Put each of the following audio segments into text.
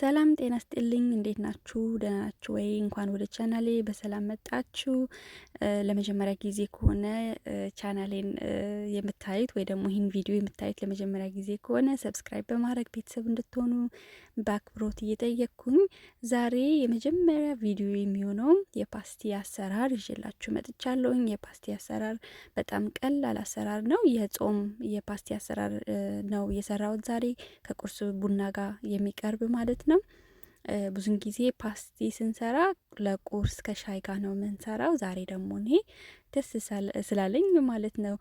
ሰላም ጤና ስጥልኝ። እንዴት ናችሁ? ደህና ናችሁ ወይ? እንኳን ወደ ቻናሌ በሰላም መጣችሁ። ለመጀመሪያ ጊዜ ከሆነ ቻናሌን የምታዩት ወይ ደግሞ ይህን ቪዲዮ የምታዩት ለመጀመሪያ ጊዜ ከሆነ ሰብስክራይብ በማድረግ ቤተሰብ እንድትሆኑ በአክብሮት እየጠየቅኩኝ ዛሬ የመጀመሪያ ቪዲዮ የሚሆነው የፓስቲ አሰራር ይዤላችሁ መጥቻለሁኝ። የፓስቲ አሰራር በጣም ቀላል አሰራር ነው። የጾም የፓስቲ አሰራር ነው የሰራሁት ዛሬ ከቁርስ ቡና ጋር የሚቀርብ ማለት ማለት ነው። ብዙን ጊዜ ፓስቲ ስንሰራ ለቁርስ ከሻይ ጋር ነው የምንሰራው። ዛሬ ደግሞ እኔ ደስ ስላለኝ ማለት ነው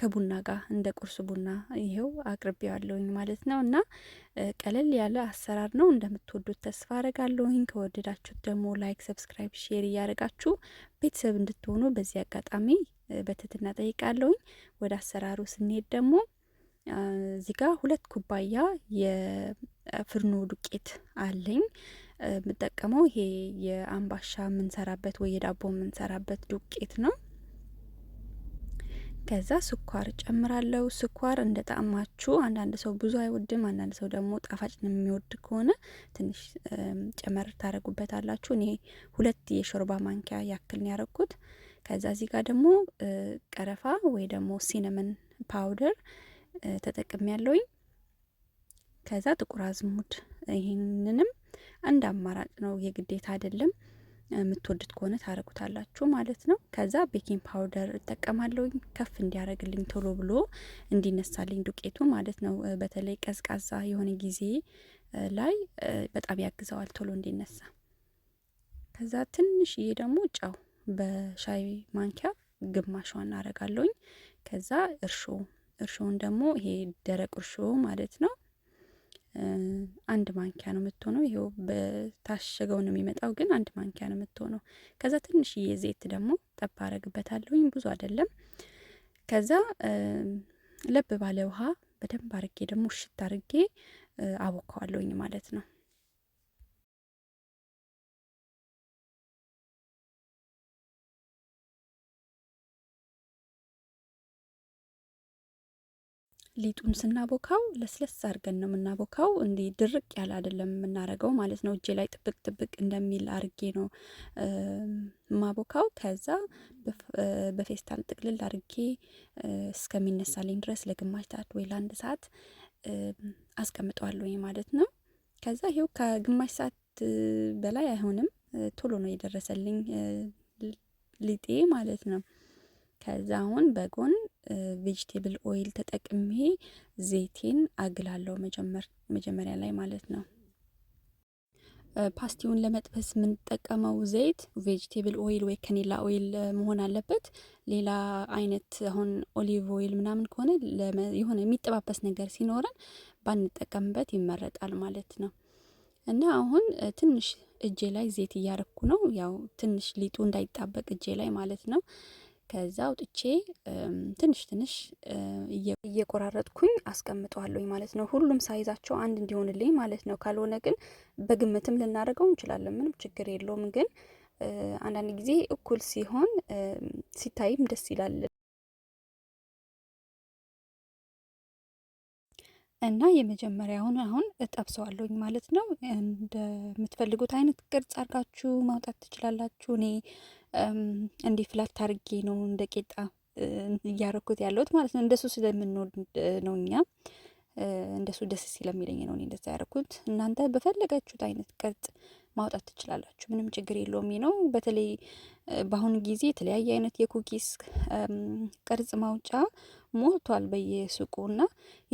ከቡና ጋር እንደ ቁርስ ቡና ይሄው አቅርቤዋለሁኝ ማለት ነው። እና ቀለል ያለ አሰራር ነው እንደምትወዱት ተስፋ አረጋለሁኝ። ከወደዳችሁት ደግሞ ላይክ፣ ሰብስክራይብ፣ ሼር እያደረጋችሁ ቤተሰብ እንድትሆኑ በዚህ አጋጣሚ በትህትና ጠይቃለሁኝ። ወደ አሰራሩ ስንሄድ ደግሞ እዚህ ጋር ሁለት ኩባያ የፍርኖ ዱቄት አለኝ። የምጠቀመው ይሄ የአምባሻ የምንሰራበት ወይ የዳቦ የምንሰራበት ዱቄት ነው። ከዛ ስኳር ጨምራለሁ። ስኳር እንደ ጣማችሁ፣ አንዳንድ ሰው ብዙ አይወድም፣ አንዳንድ ሰው ደግሞ ጣፋጭ የሚወድ ከሆነ ትንሽ ጨመር ታደረጉበት አላችሁ። እኔ ሁለት የሾርባ ማንኪያ ያክል ነው ያደረግኩት። ከዛ እዚህ ጋር ደግሞ ቀረፋ ወይ ደግሞ ሲነመን ፓውደር ተጠቅም ያለውኝ። ከዛ ጥቁር አዝሙድ ይህንንም አንድ አማራጭ ነው፣ የግዴታ አይደለም። የምትወዱት ከሆነ ታረጉታላችሁ ማለት ነው። ከዛ ቤኪንግ ፓውደር እጠቀማለሁኝ ከፍ እንዲያደርግልኝ ቶሎ ብሎ እንዲነሳልኝ ዱቄቱ ማለት ነው። በተለይ ቀዝቃዛ የሆነ ጊዜ ላይ በጣም ያግዘዋል ቶሎ እንዲነሳ። ከዛ ትንሽዬ ደግሞ ጨው በሻይ ማንኪያ ግማሿን አረጋለሁኝ። ከዛ እርሾ እርሾውን ደግሞ ይሄ ደረቅ እርሾ ማለት ነው አንድ ማንኪያ ነው የምትሆነው። ይሄው በታሸገው ነው የሚመጣው፣ ግን አንድ ማንኪያ ነው የምትሆነው። ከዛ ትንሽዬ ዘይት ደግሞ ጠብ አረግበታለሁኝ፣ ብዙ አይደለም። ከዛ ለብ ባለ ውሃ በደንብ አርጌ ደግሞ ሽት አርጌ አቦካዋለሁኝ ማለት ነው። ሊጡን ስናቦካው ለስለስ አድርገን ነው የምናቦካው። እንዲህ ድርቅ ያለ አይደለም የምናረገው ማለት ነው። እጄ ላይ ጥብቅ ጥብቅ እንደሚል አርጌ ነው ማቦካው። ከዛ በፌስታል ጥቅልል አርጌ እስከሚነሳልኝ ድረስ ለግማሽ ሰዓት ወይ ለአንድ ሰዓት አስቀምጠዋለሁ ማለት ነው። ከዛ ይኸው ከግማሽ ሰዓት በላይ አይሆንም ቶሎ ነው የደረሰልኝ ሊጤ ማለት ነው። ከዛ አሁን በጎን ቬጅቴብል ኦይል ተጠቅሜ ዘይቴን አግላለሁ መጀመሪያ ላይ ማለት ነው። ፓስቲውን ለመጥበስ የምንጠቀመው ዘይት ቬጅቴብል ኦይል ወይ ከኔላ ኦይል መሆን አለበት። ሌላ አይነት አሁን ኦሊቭ ኦይል ምናምን ከሆነ የሆነ የሚጠባበስ ነገር ሲኖረን ባንጠቀምበት ይመረጣል ማለት ነው። እና አሁን ትንሽ እጄ ላይ ዘይት እያረኩ ነው። ያው ትንሽ ሊጡ እንዳይጣበቅ እጄ ላይ ማለት ነው። ከዛ አውጥቼ ትንሽ ትንሽ እየቆራረጥኩኝ አስቀምጠዋለሁ ማለት ነው። ሁሉም ሳይዛቸው አንድ እንዲሆንልኝ ማለት ነው። ካልሆነ ግን በግምትም ልናደርገው እንችላለን። ምንም ችግር የለውም ግን አንዳንድ ጊዜ እኩል ሲሆን ሲታይም ደስ ይላል እና የመጀመሪያውን አሁን እጠብሰዋለሁኝ ማለት ነው። እንደምትፈልጉት አይነት ቅርጽ አድርጋችሁ ማውጣት ትችላላችሁ። እኔ እንዲህ ፍላት አርጌ ነው እንደ ቄጣ እያረኩት ያለሁት ማለት ነው። እንደሱ ስለምንወድ ነው እኛ እንደሱ ደስ ስለሚለኝ ነው እንደዛ ያደረኩት። እናንተ በፈለጋችሁት አይነት ቅርጽ ማውጣት ትችላላችሁ። ምንም ችግር የለውም ነው። በተለይ በአሁኑ ጊዜ የተለያየ አይነት የኩኪስ ቅርጽ ማውጫ ሞልቷል በየሱቁ እና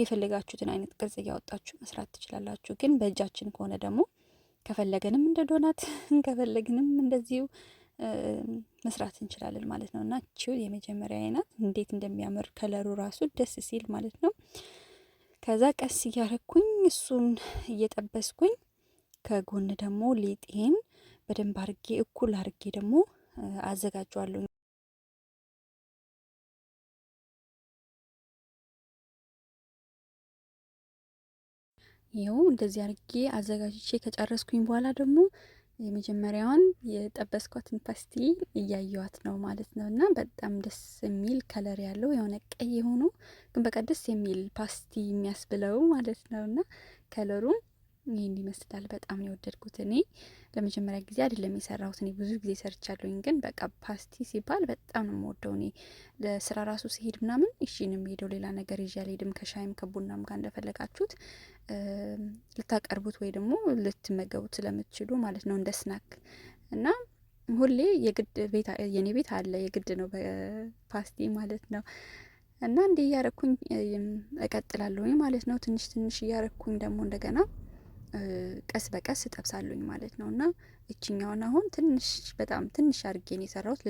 የፈለጋችሁትን አይነት ቅርጽ እያወጣችሁ መስራት ትችላላችሁ። ግን በእጃችን ከሆነ ደግሞ ከፈለገንም እንደ ዶናት ከፈለግንም እንደዚሁ መስራት እንችላለን ማለት ነው። እና ችው የመጀመሪያ አይናት እንዴት እንደሚያምር ከለሩ ራሱ ደስ ሲል ማለት ነው። ከዛ ቀስ እያረኩኝ እሱን እየጠበስኩኝ ከጎን ደግሞ ሊጤን በደንብ አርጌ እኩል አርጌ ደግሞ አዘጋጀዋለሁ። ይኸው እንደዚህ አድርጌ አዘጋጅቼ ከጨረስኩኝ በኋላ ደግሞ የመጀመሪያዋን የጠበስኳትን ፓስቲ እያየዋት ነው ማለት ነው። እና በጣም ደስ የሚል ከለር ያለው የሆነ ቀይ የሆኑ ግን በቃ ደስ የሚል ፓስቲ የሚያስብለው ማለት ነው። እና ከለሩ ይህን ይመስላል። በጣም ነው የወደድኩት እኔ። ለመጀመሪያ ጊዜ አይደለም የሰራሁት። እኔ ብዙ ጊዜ ሰርቻለሁኝ፣ ግን በቃ ፓስቲ ሲባል በጣም ነው የምወደው። እኔ ለስራ ራሱ ሲሄድ ምናምን እሺ ነው የሚሄደው፣ ሌላ ነገር ይዤ አልሄድም። ከሻይም ከቡናም ጋር እንደፈለጋችሁት ልታቀርቡት ወይ ደግሞ ልትመገቡት ስለምትችሉ ማለት ነው እንደ ስናክ እና ሁሌ የግድ ቤት የኔ ቤት አለ የግድ ነው በፓስቲ ማለት ነው። እና እንዲህ እያረኩኝ እቀጥላለሁ ማለት ነው። ትንሽ ትንሽ እያረኩኝ ደግሞ እንደገና ቀስ በቀስ ጠብሳሉኝ ማለት ነው። እና እችኛውን አሁን ትንሽ በጣም ትንሽ አርጌን የሰራሁት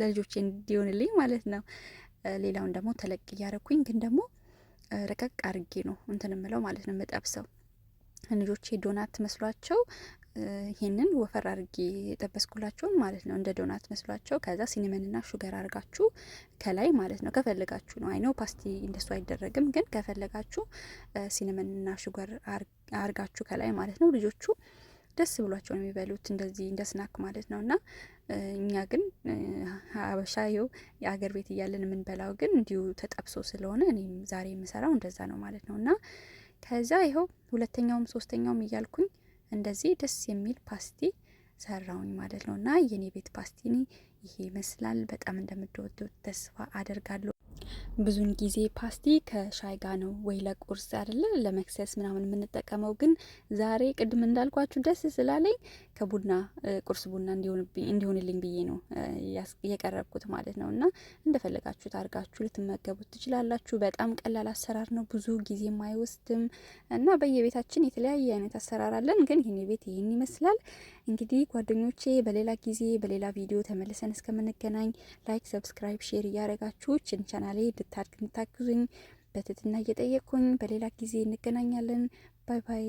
ለልጆቼ እንዲሆንልኝ ማለት ነው። ሌላውን ደግሞ ተለቅ እያረኩኝ ግን ደግሞ ረቀቅ አርጌ ነው እንትን ምለው ማለት ነው የምጠብሰው። ልጆቼ ዶናት መስሏቸው ይሄንን ወፈር አድርጌ የጠበስኩላችሁን ማለት ነው እንደ ዶናት መስሏቸው። ከዛ ሲኒመንና ሹገር አድርጋችሁ ከላይ ማለት ነው ከፈለጋችሁ ነው አይነው ፓስቲ እንደሱ አይደረግም፣ ግን ከፈለጋችሁ ሲኒመንና ሹገር አድርጋችሁ ከላይ ማለት ነው። ልጆቹ ደስ ብሏቸው ነው የሚበሉት እንደዚህ እንደ ስናክ ማለት ነው። እና እኛ ግን ሀበሻ የው የአገር ቤት እያለን የምንበላው ግን እንዲሁ ተጠብሶ ስለሆነ እኔም ዛሬ የምሰራው እንደዛ ነው ማለት ነው እና ከዛ ይኸው ሁለተኛውም ሶስተኛውም እያልኩኝ እንደዚህ ደስ የሚል ፓስቲ ሰራውኝ ማለት ነው። እና የኔ ቤት ፓስቲ ይሄ ይመስላል። በጣም እንደምትወዱት ተስፋ አደርጋለሁ። ብዙን ጊዜ ፓስቲ ከሻይ ጋር ነው ወይ ለቁርስ አይደለ ለመክሰስ ምናምን የምንጠቀመው። ግን ዛሬ ቅድም እንዳልኳችሁ ደስ ስላለኝ ከቡና ቁርስ ቡና እንዲሆንልኝ ብዬ ነው የቀረብኩት ማለት ነው። እና እንደፈለጋችሁት አድርጋችሁ ልትመገቡት ትችላላችሁ። በጣም ቀላል አሰራር ነው፣ ብዙ ጊዜም አይወስድም እና በየቤታችን የተለያየ አይነት አሰራር አለን። ግን ይህን ቤት ይህን ይመስላል። እንግዲህ ጓደኞቼ በሌላ ጊዜ በሌላ ቪዲዮ ተመልሰን እስከምንገናኝ ላይክ፣ ሰብስክራይብ፣ ሼር እያደረጋችሁ ችን ቻናሌ እንድታድግ እንድታግዙኝ በትህትና እየጠየቅኩኝ በሌላ ጊዜ እንገናኛለን። ባይ ባይ።